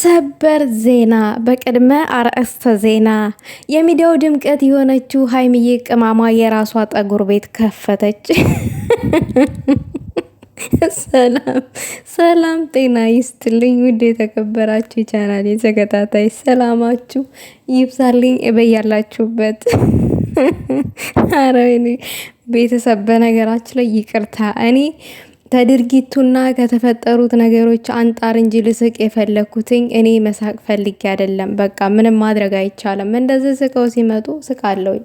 ሰበር ዜና በቅድመ አርእስተ ዜና የሚዲያው ድምቀት የሆነችው ሀይሚዬ ቅማሟ የራሷ ጠጉር ቤት ከፈተች። ሰላም ሰላም፣ ጤና ይስጥልኝ ውድ የተከበራችሁ ቻናል ተከታታይ ሰላማችሁ ይብዛልኝ እበያላችሁበት። አረ ቤተሰብ፣ በነገራችሁ ላይ ይቅርታ እኔ ከድርጊቱና ከተፈጠሩት ነገሮች አንጣር እንጂ ልስቅ የፈለግኩትኝ እኔ መሳቅ ፈልጌ አይደለም። በቃ ምንም ማድረግ አይቻልም። እንደዚህ ስቀው ሲመጡ ስቃለውኝ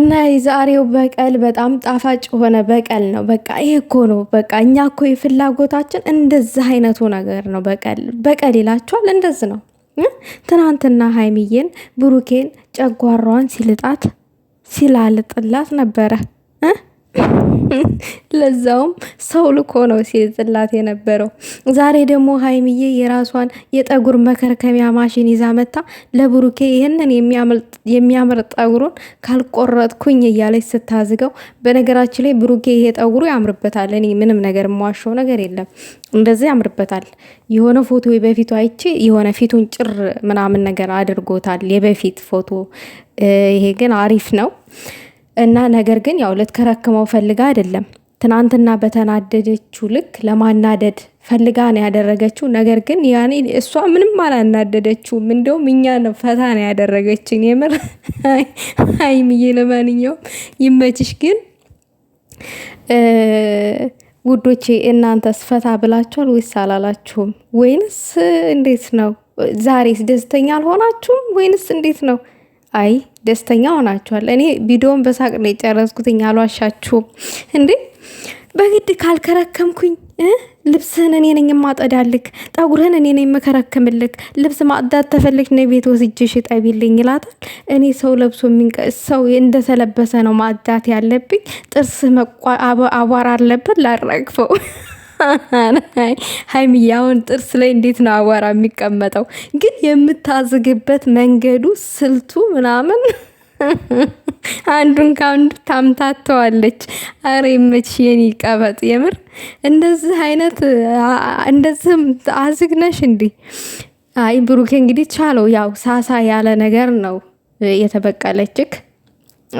እና የዛሬው በቀል በጣም ጣፋጭ የሆነ በቀል ነው። በቃ ይሄ እኮ ነው። በቃ እኛ እኮ የፍላጎታችን እንደዚህ አይነቱ ነገር ነው። በቀል በቀል ይላችኋል። እንደዚህ ነው። ትናንትና ሀይሚዬን ብሩኬን ጨጓሯን ሲልጣት ሲላልጥላት ነበረ። ለዛውም ሰው ልኮ ነው ሲጥላት የነበረው። ዛሬ ደግሞ ሀይምዬ የራሷን የጠጉር መከርከሚያ ማሽን ይዛ መታ ለብሩኬ ይህንን የሚያምር ጠጉሩን ካልቆረጥኩኝ እያለች ስታዝገው፣ በነገራችን ላይ ብሩኬ ይሄ ጠጉሩ ያምርበታል። እኔ ምንም ነገር የማዋሸው ነገር የለም፣ እንደዚህ ያምርበታል። የሆነ ፎቶ በፊቱ አይቼ የሆነ ፊቱን ጭር ምናምን ነገር አድርጎታል፣ የበፊት ፎቶ። ይሄ ግን አሪፍ ነው። እና ነገር ግን ያው ልትከረክመው ፈልጋ አይደለም። ትናንትና በተናደደችው ልክ ለማናደድ ፈልጋ ነው ያደረገችው። ነገር ግን ያኔ እሷ ምንም አላናደደችውም። እንደውም እኛ ነው ፈታ ነው ያደረገችን። የምር ሀይሚዬ፣ ለማንኛውም ይመችሽ። ግን ውዶቼ እናንተስ ፈታ ብላችኋል ወይስ አላላችሁም? ወይንስ እንዴት ነው? ዛሬስ ደስተኛ አልሆናችሁም ወይንስ እንዴት ነው? አይ ደስተኛ ሆናችኋል። እኔ ቪዲዮን በሳቅ ነው የጨረስኩትኝ፣ አሏሻችሁም እንዴ በግድ ካልከረከምኩኝ ልብስህን እኔ ነኝ የማጠዳልክ፣ ጠጉርህን እኔ ነኝ የምከረክምልክ። ልብስ ማጽዳት ተፈልግ ነው ቤት ወስጄ ሽጠቢልኝ ይላታል። እኔ ሰው ለብሶ ሰው እንደተለበሰ ነው ማጽዳት ያለብኝ። ጥርስ አቧራ አለበት ላረግፈው ሀይሚዬ አሁን ጥርስ ላይ እንዴት ነው አቧራ የሚቀመጠው? ግን የምታዝግበት መንገዱ ስልቱ ምናምን አንዱን ከአንዱ ታምታተዋለች። አረ መች የኔ ቀበጥ የምር እንደዚህ አይነት እንደዚህም አዝግነሽ እንዲ አይ ብሩኬ እንግዲህ ቻለው ያው ሳሳ ያለ ነገር ነው የተበቀለችክ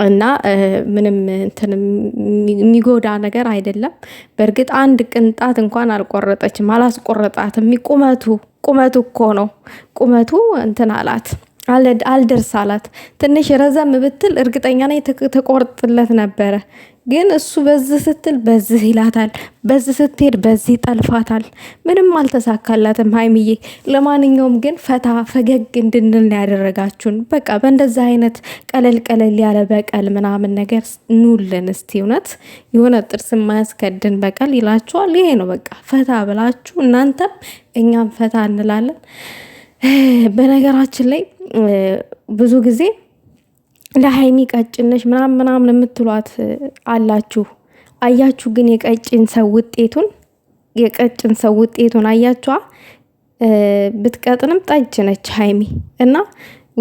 እና ምንም እንትን የሚጎዳ ነገር አይደለም። በእርግጥ አንድ ቅንጣት እንኳን አልቆረጠችም፣ አላስቆረጣትም። ቁመቱ ቁመቱ እኮ ነው ቁመቱ እንትን አላት አልደርስ አላት። ትንሽ ረዘም ብትል እርግጠኛ ነኝ ተቆርጥለት ነበረ። ግን እሱ በዚህ ስትል በዚህ ይላታል፣ በዚህ ስትሄድ በዚህ ጠልፋታል። ምንም አልተሳካላትም ሀይሚዬ። ለማንኛውም ግን ፈታ ፈገግ እንድንል ያደረጋችሁን በቃ በእንደዚህ አይነት ቀለል ቀለል ያለ በቀል ምናምን ነገር ኑልን እስቲ። እውነት የሆነ ጥርስ የማያስከድን በቀል ይላችኋል። ይሄ ነው በቃ ፈታ ብላችሁ እናንተም እኛም ፈታ እንላለን። በነገራችን ላይ ብዙ ጊዜ ለሀይሚ ቀጭነሽ ምናምን ምናምን የምትሏት አላችሁ። አያችሁ ግን የቀጭን ሰው ውጤቱን የቀጭን ሰው ውጤቱን አያችኋ። ብትቀጥንም ጠጅ ነች ሀይሚ እና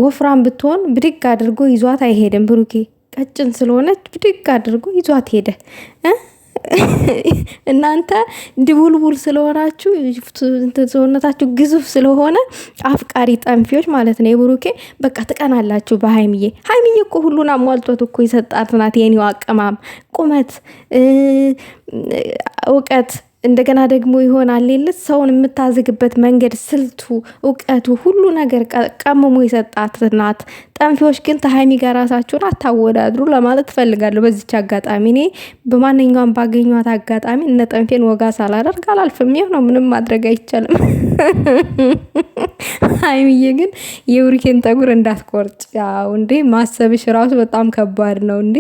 ወፍራም ብትሆን ብድግ አድርጎ ይዟት አይሄድም ብሩኬ። ቀጭን ስለሆነች ብድግ አድርጎ ይዟት ሄደ። እናንተ ድቡልቡል ስለሆናችሁ ሰውነታችሁ ግዙፍ ስለሆነ አፍቃሪ ጠንፊዎች ማለት ነው። የብሩኬ በቃ ትቀናላችሁ በሀይምዬ። ሀይምዬ እኮ ሁሉን አሟልቷት እኮ የሰጣት ናት። የኔው አቀማም ቁመት እውቀት እንደገና ደግሞ ይሆናል የለ ሰውን የምታዝግበት መንገድ፣ ስልቱ፣ እውቀቱ ሁሉ ነገር ቀምሞ የሰጣት ናት። ጠንፊዎች ግን ተሃይሚ ጋር ራሳቸውን አታወዳድሩ ለማለት ትፈልጋለሁ። በዚች አጋጣሚ እኔ በማንኛውም ባገኟት አጋጣሚ እነ ጠንፌን ወጋ ሳላደርግ አላልፍም። ይህ ነው፣ ምንም ማድረግ አይቻልም። ሀይሚዬ ግን የብሩኬን ጠጉር እንዳትቆርጭ። ያው እንዴ ማሰብሽ ራሱ በጣም ከባድ ነው እንዴ!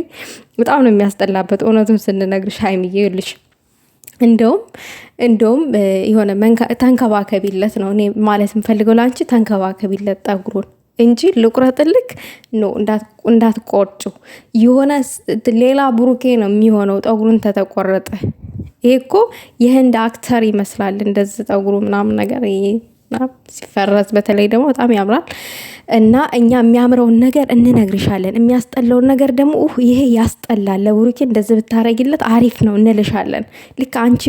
በጣም ነው የሚያስጠላበት። እውነቱን ስንነግርሽ ሀይሚዬ ልሽ እንደውም እንደውም የሆነ ተንከባከቢለት ነው እኔ ማለት የምፈልገው ለአንቺ ተንከባከቢለት ጠጉሩን እንጂ ልቁረጥልክ ኖ እንዳትቆርጩ። የሆነ ሌላ ብሩኬ ነው የሚሆነው ጠጉሩን ተተቆረጠ። ይሄ እኮ የህንድ አክተር ይመስላል እንደዚህ ጠጉሩ ምናምን ነገር ሲፈረዝ በተለይ ደግሞ በጣም ያምራል እና እኛ የሚያምረውን ነገር እንነግርሻለን፣ የሚያስጠላውን ነገር ደግሞ ይሄ ያስጠላል፣ ለብሩኬ እንደዚህ ብታረጊለት አሪፍ ነው እንልሻለን። ልክ አንቺ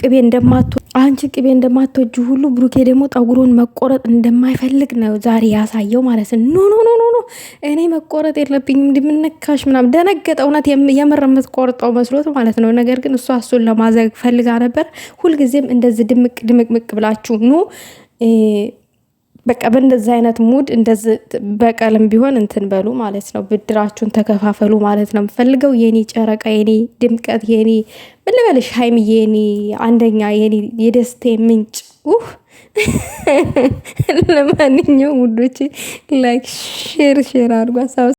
ቅቤ እንደማቶ አንቺ ቅቤ እንደማትወጂ ሁሉ ብሩኬ ደግሞ ጠጉሩን መቆረጥ እንደማይፈልግ ነው ዛሬ ያሳየው ማለት ነው። ኖ ኖ ኖ ኖ እኔ መቆረጥ የለብኝም እንድምነካሽ ምናምን ደነገጠ። እውነት የምር የምትቆርጠው መስሎት ማለት ነው። ነገር ግን እሷ እሱን ለማዘግ ፈልጋ ነበር። ሁልጊዜም እንደዚህ ድምቅ ድምቅምቅ ብላችሁ ኑ በቃ በእንደዚህ አይነት ሙድ እንደዚህ በቀልም ቢሆን እንትን በሉ ማለት ነው። ብድራችሁን ተከፋፈሉ ማለት ነው የምፈልገው። የኔ ጨረቃ፣ የኔ ድምቀት፣ የኔ ምን ልበልሽ የኔ አንደኛ፣ የኔ የደስቴ ምንጭ ውህ ለማንኛውም ውዶቼ ላይክ ሼር ሼር አድርጓ